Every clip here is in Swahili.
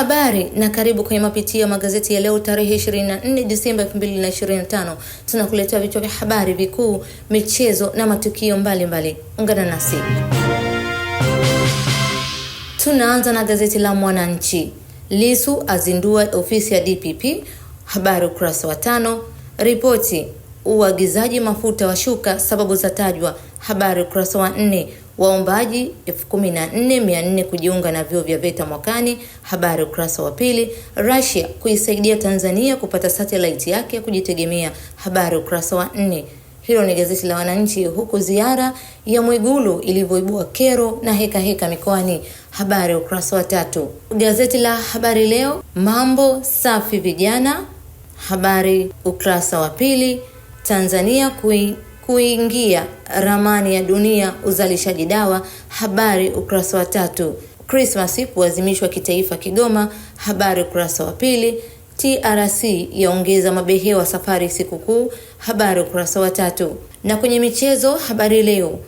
Habari na karibu kwenye mapitio magazeti ya leo tarehe 24 Disemba 2025. Tunakuletea vichwa vya habari vikuu, michezo na matukio mbalimbali. Ungana nasi. Tunaanza na gazeti la Mwananchi. Lisu azindua ofisi ya DPP, habari ukurasa wa tano. Ripoti uagizaji mafuta washuka, sababu za tajwa, habari ukurasa wa nne. Waombaji 14400 kujiunga na vyuo vya VETA mwakani. Habari ukurasa wa pili. Russia kuisaidia Tanzania kupata satellite yake ya kujitegemea. Habari ukurasa wa nne. Hilo ni gazeti la Wananchi, huku ziara ya Mwigulu ilivyoibua kero na heka heka mikoani. Habari ukurasa wa tatu. Gazeti la Habari Leo, mambo safi vijana. Habari ukurasa wa pili. Tanzania kui kuingia ramani ya dunia uzalishaji dawa, habari ukurasa wa tatu. Krismasi kuadhimishwa kitaifa Kigoma, habari ukurasa wa pili. TRC yaongeza mabehewa safari sikukuu, habari ukurasa wa tatu. Na kwenye michezo, habari leo,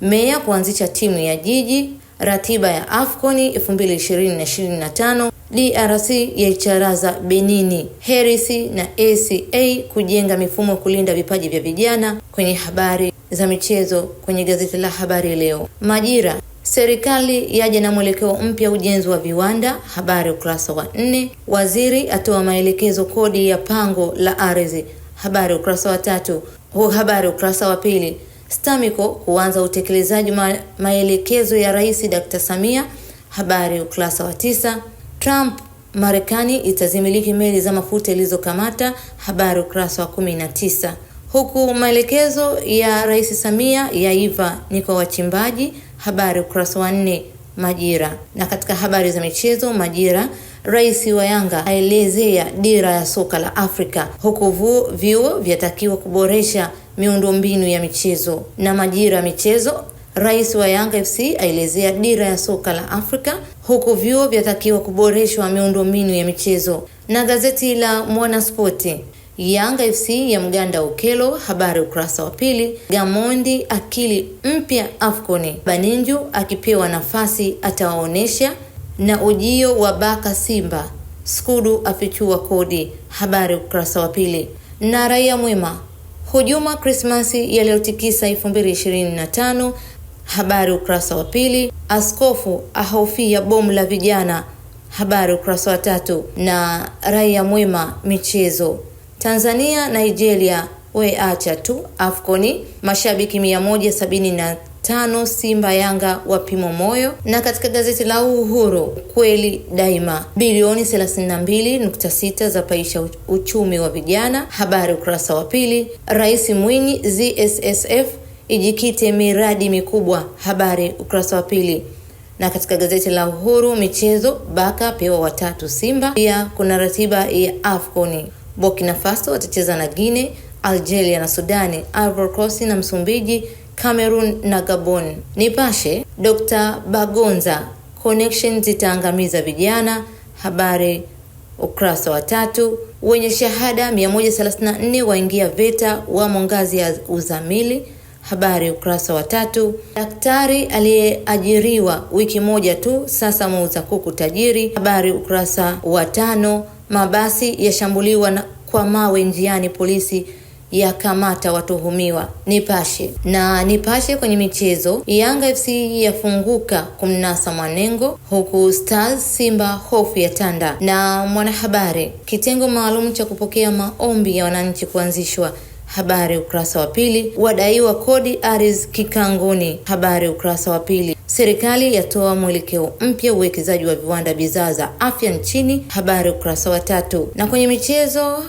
meya kuanzisha timu ya jiji ratiba ya AFCON 2025 DRC yaicharaza Benini, herisi na ACA kujenga mifumo kulinda vipaji vya vijana. Kwenye habari za michezo kwenye gazeti la Habari Leo, Majira, serikali yaje na mwelekeo mpya ujenzi wa viwanda, habari ukurasa wa nne. Waziri atoa maelekezo kodi ya pango la ardhi, habari ukurasa wa tatu. Huu habari ukurasa wa pili. STAMICO kuanza utekelezaji ma maelekezo ya Rais Dr. Samia. Habari ukurasa wa tisa. Trump Marekani itazimiliki meli za mafuta ilizokamata. Habari ukurasa wa kumi na tisa. Huku maelekezo ya Rais Samia yaiva ni kwa wachimbaji. Habari ukurasa wa nne. Majira. Na katika habari za michezo, Majira, rais wa Yanga aelezea dira ya soka la Afrika, huku vyuo vyatakiwa kuboresha miundombinu ya michezo na majira ya michezo. Rais wa Yanga FC aelezea dira ya soka la Afrika, huku vyuo vyatakiwa kuboreshwa miundombinu ya michezo. Na gazeti la Mwanaspoti, Yanga FC ya Mganda Ukelo, habari ukurasa wa pili. Gamondi akili mpya Afconi, Baninju akipewa nafasi atawaonesha, na ujio wa Baka Simba, Skudu afichua kodi, habari ukurasa wa pili. Na Raia Mwema Hujuma Krismasi yaliyotikisa 2025. Habari ukurasa wa pili. Askofu ahofia bomu la vijana. Habari ukurasa wa tatu. Na raia mwema michezo. Tanzania Nigeria, we acha tu. Afconi mashabiki tano Simba Yanga wapimo moyo. Na katika gazeti la Uhuru kweli daima, bilioni 32.6 za paisha uchumi wa vijana, habari ukurasa wa pili. Rais Mwinyi, ZSSF ijikite miradi mikubwa, habari ukurasa wa pili na katika gazeti la Uhuru michezo, Baka pewa watatu Simba. Pia kuna ratiba ya AFCON, Burkina Faso watacheza na Guinea, Algeria na Sudani, Ivory Coast na Msumbiji Cameroon na Gabon. Nipashe, Dr. Bagonza, Connection zitaangamiza vijana, habari ukurasa wa tatu. Wenye shahada 134 waingia VETA, wamo ngazi ya uzamili, habari ukurasa wa tatu. Daktari aliyeajiriwa wiki moja tu sasa muuza kuku tajiri, habari ukurasa wa tano. Mabasi yashambuliwa na kwa mawe njiani, polisi ya kamata watuhumiwa. Nipashe na Nipashe kwenye michezo, Yanga FC yafunguka kumnasa Mwanengo, huku Stars Simba hofu ya tanda. Na mwanahabari, kitengo maalum cha kupokea maombi ya wananchi kuanzishwa Habari ukurasa wa pili. Wadaiwa kodi aris kikanguni Habari ukurasa wa pili. Serikali yatoa mwelekeo mpya uwekezaji wa viwanda bidhaa za afya nchini. Habari ukurasa wa tatu. Na kwenye michezo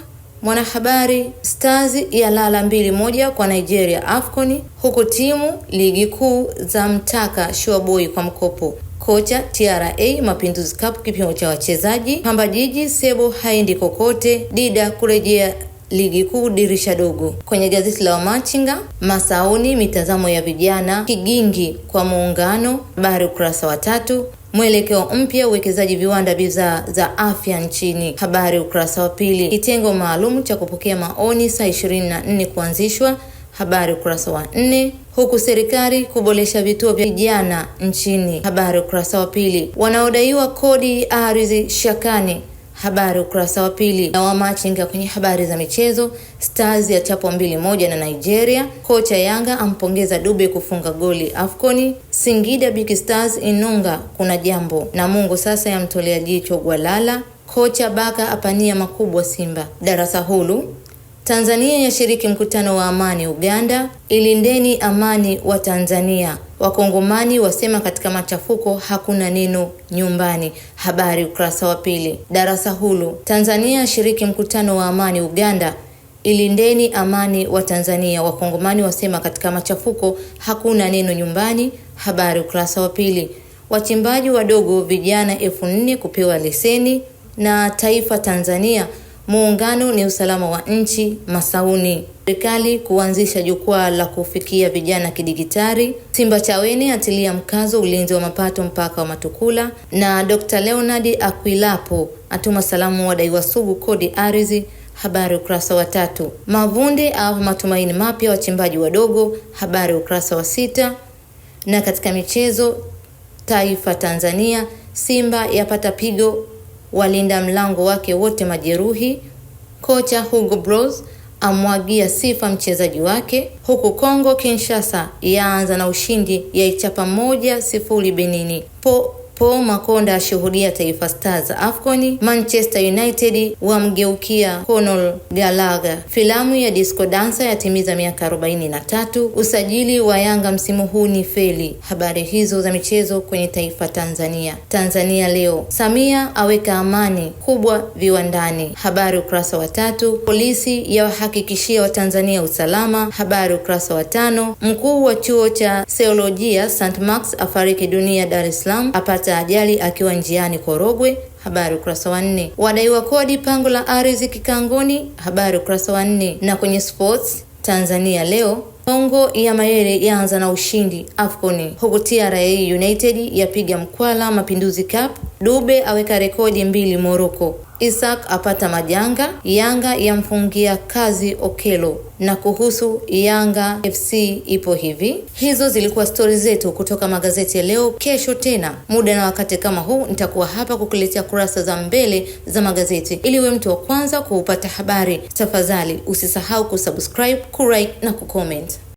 Mwanahabari, Stars lala mbili moja kwa Nigeria AFCON, huku timu ligi kuu za mtaka Shuaboy kwa mkopo. Kocha TRA Mapinduzi Cup kipimo cha wachezaji. Pamba Jiji Sebo haendi kokote, Dida kurejea ligi kuu dirisha dogo. Kwenye gazeti la Wamachinga, Masauni mitazamo ya vijana, kigingi kwa muungano, habari ukurasa wa tatu mwelekeo mpya uwekezaji viwanda bidhaa za afya nchini. Habari ukurasa wa pili. Kitengo maalum cha kupokea maoni saa 24 kuanzishwa. Habari ukurasa wa nne. Huku serikali kuboresha vituo vya vijana nchini. Habari ukurasa wa pili. Wanaodaiwa kodi ardhi shakani habari ukurasa wa pili. Na wamachinga kwenye habari za michezo, Stars ya chapwa mbili moja na Nigeria, kocha Yanga ampongeza Dube kufunga goli Afconi, Singida Big Stars inunga kuna jambo, na Mungu sasa yamtolea jicho Gwalala, kocha Baka apania makubwa Simba, darasa hulu Tanzania yashiriki mkutano wa amani Uganda. Ilindeni amani wa Tanzania. Wakongomani wasema katika machafuko hakuna neno nyumbani. Habari ukurasa wa pili. Darasa hulu. Tanzania yashiriki mkutano wa amani Uganda. Ilindeni amani wa Tanzania. Wakongomani wasema katika machafuko hakuna neno nyumbani. Habari ukurasa wa pili. Wachimbaji wadogo vijana elfu nne kupewa leseni na taifa Tanzania Muungano ni usalama wa nchi Masauni. Serikali kuanzisha jukwaa la kufikia vijana kidigitari simba Chaweni atilia mkazo ulinzi wa mapato mpaka wa Matukula, na Dr. Leonard Akwilapo atuma salamu wadaiwa sugu kodi ardhi. Habari ukurasa wa tatu. Mavunde au matumaini mapya wachimbaji wadogo. Habari ukurasa wa sita. Na katika michezo, taifa Tanzania Simba yapata pigo walinda mlango wake wote majeruhi. Kocha Hugo Bros amwagia sifa mchezaji wake, huku Kongo Kinshasa yaanza na ushindi ya ichapa moja sifuri Benini po Paul Makonda ashuhudia Taifa Stars Afcon. Manchester United wamgeukia Conor Gallagher. Filamu ya Disco Dancer yatimiza miaka 43. Usajili wa Yanga msimu huu ni feli. Habari hizo za michezo kwenye Taifa Tanzania. Tanzania Leo, Samia aweka amani kubwa viwandani. Habari ukurasa wa tatu. Polisi yawahakikishia Watanzania usalama. Habari ukurasa wa tano. Mkuu wa chuo cha Theolojia St Mark's afariki dunia Dar es Salaam, apata za ajali akiwa njiani Korogwe, habari ukurasa wa nne. Wadaiwa kodi pango la ardhi Kikangoni, habari ukurasa wa nne. Na kwenye sports Tanzania leo Kongo ya Mayele yaanza na ushindi Afcon, huku TRA United yapiga mkwala Mapinduzi Cup Dube aweka rekodi mbili moroko Isak apata majanga, Yanga yamfungia kazi Okelo. Na kuhusu Yanga FC ipo hivi. Hizo zilikuwa stori zetu kutoka magazeti ya leo. Kesho tena muda na wakati kama huu nitakuwa hapa kukuletea kurasa za mbele za magazeti, ili uwe mtu wa kwanza kuupata habari. Tafadhali usisahau kusubscribe, kulike na kucomment.